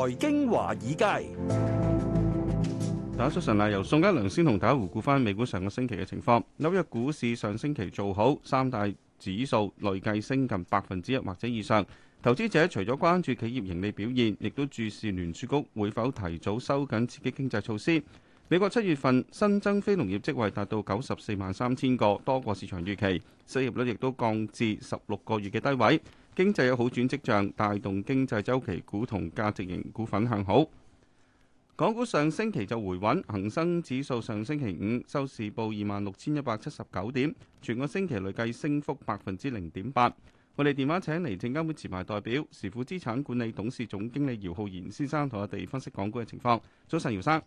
財經華爾街，大家早晨啊。由宋嘉良先同大家回顧翻美股上個星期嘅情況。紐約股市上星期做好，三大指數累計升近百分之一或者以上。投資者除咗關注企業盈利表現，亦都注視聯儲局會否提早收緊刺激經濟措施。美國七月份新增非農業職位達到九十四萬三千個，多過市場預期，失業率亦都降至十六個月嘅低位，經濟有好轉跡象，帶動經濟周期股同價值型股份向好。港股上星期就回穩，恒生指數上星期五收市報二萬六千一百七十九點，全個星期累計升幅百分之零點八。我哋電話請嚟證監會持牌代表時富資產管理董事總經理姚浩然先生同我哋分析港股嘅情況。早晨，姚生。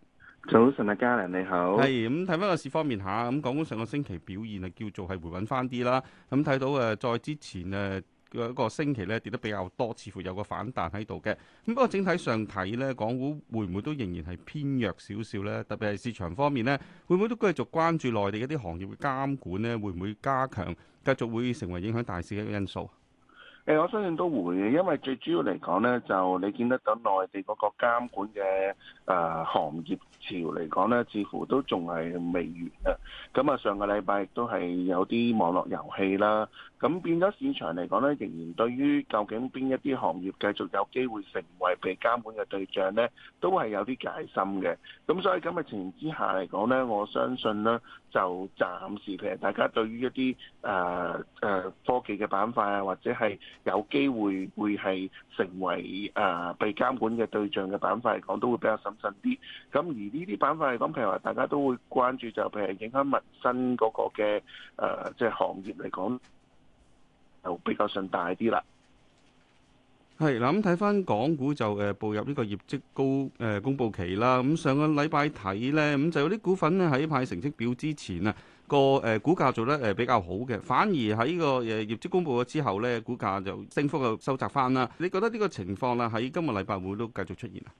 早晨啊，嘉良你好。係咁睇翻個市方面下，咁、啊、港股上個星期表現啊，叫做係回穩翻啲啦。咁、嗯、睇到誒，在、呃、之前誒、呃，一個星期咧跌得比較多，似乎有個反彈喺度嘅。咁不過整體上睇咧，港股會唔會都仍然係偏弱少少咧？特別係市場方面咧，會唔會都繼續關注內地一啲行業嘅監管咧？會唔會加強？繼續會成為影響大市嘅一個因素？誒，我相信都會嘅，因為最主要嚟講咧，就你見得到內地嗰個監管嘅誒、呃、行業潮嚟講咧，似乎都仲係未完啊！咁、嗯、啊，上個禮拜亦都係有啲網絡遊戲啦。咁變咗市場嚟講咧，仍然對於究竟邊一啲行業繼續有機會成為被監管嘅對象咧，都係有啲戒心嘅。咁所以咁嘅情形之下嚟講咧，我相信咧就暫時譬如大家對於一啲誒誒科技嘅板塊啊，或者係有機會會係成為誒、呃、被監管嘅對象嘅板塊嚟講，都會比較審慎啲。咁而呢啲板塊嚟講，譬如話大家都會關注就譬如影響民生嗰個嘅誒即係行業嚟講。就比較上大啲啦。係嗱，咁睇翻港股就誒步、呃、入呢個業績高誒、呃、公佈期啦。咁上個禮拜睇呢，咁、呃、就有啲股份咧喺派成績表之前啊，個誒、呃、股價做得誒比較好嘅。反而喺呢個誒業績公佈咗之後呢，股價就升幅就收窄翻啦。你覺得呢個情況啦，喺今個禮拜會都繼續出現啊？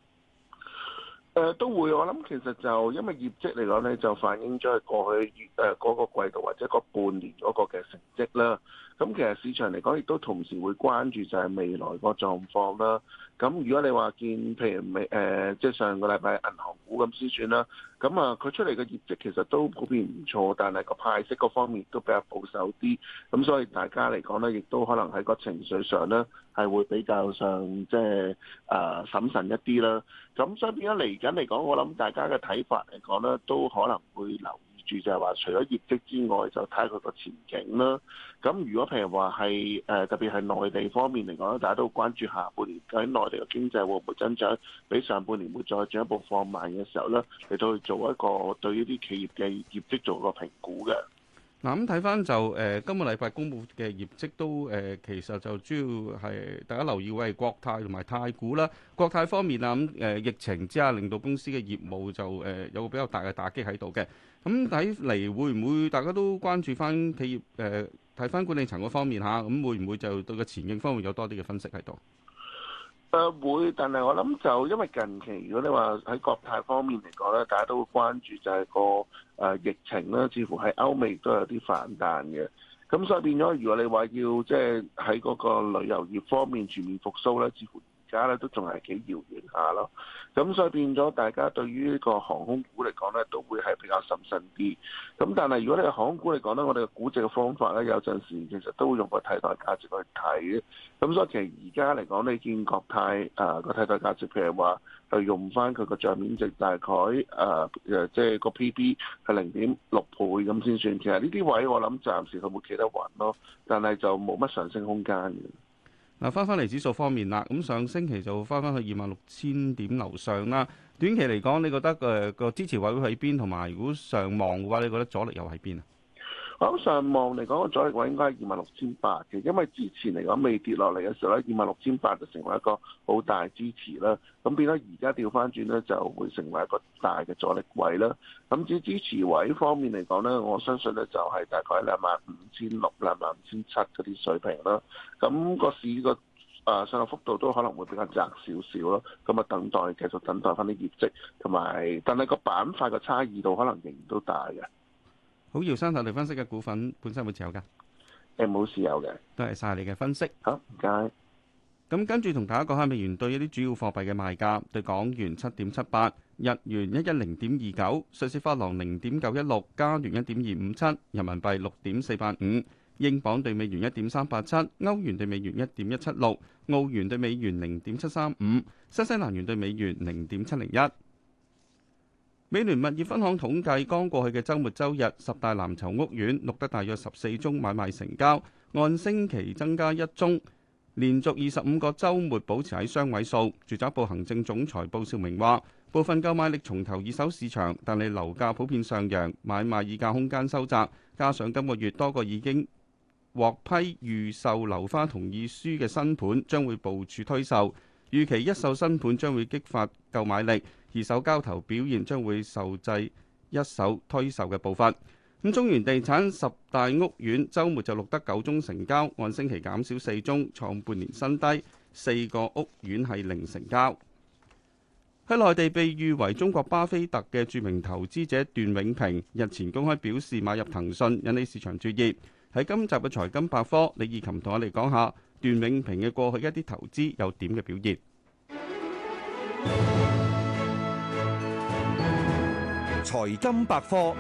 誒都會，我諗其實就因為業績嚟講咧，就反映咗係過去月誒嗰個季度或者半年嗰個嘅成績啦。咁其實市場嚟講，亦都同時會關注就係未來個狀況啦。咁如果你話見，譬如未誒、呃，即係上個禮拜銀行。冇咁先算啦，咁啊佢出嚟嘅業績其實都普遍唔錯，但係個派息嗰方面都比較保守啲，咁所以大家嚟講呢，亦都可能喺個情緒上呢，係會比較上即係啊審慎一啲啦。咁所以點解嚟緊嚟講，我諗大家嘅睇法嚟講呢，都可能會留意。就係話，除咗業績之外，就睇佢個前景啦。咁如果譬如話係誒，特別係內地方面嚟講咧，大家都關注下半年喺內地嘅經濟會唔會增長，比上半年會再進一步放慢嘅時候咧，嚟到去做一個對呢啲企業嘅業績做個評估嘅。嗱咁睇翻就誒、呃、今個禮拜公布嘅業績都誒、呃、其實就主要係大家留意嘅係國泰同埋太古啦。國泰方面啦，咁誒疫情之下令到公司嘅業務就誒、呃、有個比較大嘅打擊喺度嘅。咁睇嚟會唔會大家都關注翻企業誒睇翻管理層個方面嚇？咁、啊、會唔會就對個前景方面有多啲嘅分析喺度？誒會，但係我諗就因為近期，如果你話喺國泰方面嚟講咧，大家都會關注就係個誒疫情啦，似乎喺歐美都有啲反彈嘅，咁所以變咗，如果你話要即係喺嗰個旅遊業方面全面復甦咧，似乎。而家咧都仲係幾遙遠下咯，咁所以變咗大家對於呢個航空股嚟講咧，都會係比較謹慎啲。咁但係如果你航空股嚟講咧，我哋嘅估值嘅方法咧，有陣時其實都會用個替代價值去睇。咁所以其實而家嚟講咧，你見國泰誒個替代價值，譬如話佢用翻佢個帳面值大概誒誒，即係個 P B 係零點六倍咁先算。其實呢啲位我諗暫時佢會企得穩咯，但係就冇乜上升空間嘅。嗱，翻翻嚟指數方面啦，咁上星期就翻翻去二萬六千點樓上啦。短期嚟講，你覺得誒個支持位會喺邊？同埋如果上望嘅話，你覺得阻力又喺邊啊？咁上望嚟講個阻力位應該係二萬六千八嘅，因為之前嚟講未跌落嚟嘅時候咧，二萬六千八就成為一個好大支持啦。咁變咗而家調翻轉咧，就會成為一個大嘅阻力位啦。咁至於支持位方面嚟講咧，我相信咧就係大概係兩萬五千六、兩萬五千七嗰啲水平啦。咁、那個市個啊上落幅度都可能會比較窄少少咯。咁啊等待繼續等待翻啲業績，同埋但係個板塊個差異度可能仍然都大嘅。好，姚生頭嚟分析嘅股份本身會持有噶？誒，冇持有嘅，多謝晒你嘅分析。好，啊，唔該。咁跟住同大家講下美元對一啲主要貨幣嘅賣價：對港元七點七八，日元一一零點二九，瑞士法郎零點九一六，加元一點二五七，人民幣六點四八五，英鎊兌美元一點三八七，歐元兌美元一點一七六，澳元兌美元零點七三五，新西蘭元兌美元零點七零一。美聯物業分行統計，剛過去嘅周末周日，十大藍籌屋苑錄得大約十四宗買賣成交，按星期增加一宗，連續二十五個周末保持喺雙位數。住宅部行政總裁布少明話，部分購買力重投二手市場，但係樓價普遍上揚，買賣議價空間收窄，加上今個月多個已經獲批預售樓花同意書嘅新盤將會部署推售，預期一售新盤將會激發購買力。二手交投表現將會受制一手推售嘅步伐。咁中原地產十大屋苑週末就錄得九宗成交，按星期減少四宗，創半年新低。四個屋苑係零成交。喺內地被譽為中國巴菲特嘅著名投資者段永平日前公開表示買入騰訊，引起市場注意。喺今集嘅財金百科，李義琴同我哋講下段永平嘅過去一啲投資有點嘅表現。財金百科。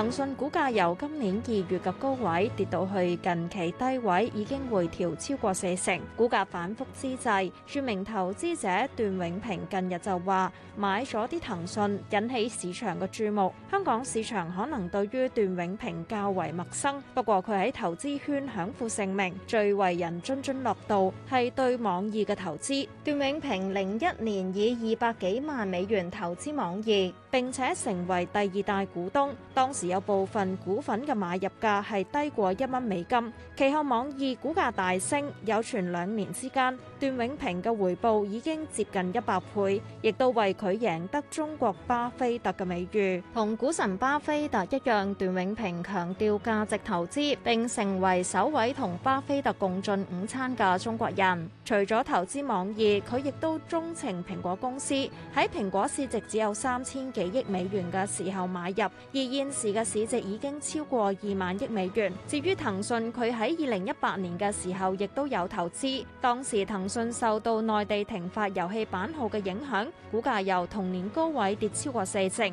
騰訊股價由今年二月嘅高位跌到去近期低位，已經回調超過四成。股價反覆之際，著名投資者段永平近日就話買咗啲騰訊，引起市場嘅注目。香港市場可能對於段永平較為陌生，不過佢喺投資圈享負盛名，最為人津津樂道係對網易嘅投資。段永平零一年以二百幾萬美元投資網易，並且成為第二大股東，當時。有部分股份嘅買入價係低過一蚊美金，其後網易股價大升，有傳兩年之間，段永平嘅回報已經接近一百倍，亦都為佢贏得中國巴菲特嘅美譽。同股神巴菲特一樣，段永平強調價值投資，並成為首位同巴菲特共進午餐嘅中國人。除咗投資網易，佢亦都鍾情蘋果公司，喺蘋果市值只有三千幾億美元嘅時候買入，而現時嘅。嘅市值已經超過二萬億美元。至於騰訊，佢喺二零一八年嘅時候亦都有投資。當時騰訊受到內地停發遊戲版號嘅影響，股價由同年高位跌超過四成。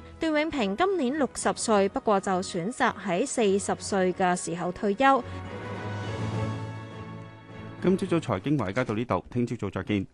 段永平今年六十歲，不過就選擇喺四十歲嘅時候退休。今朝早財經華爾街到呢度，聽朝早再見。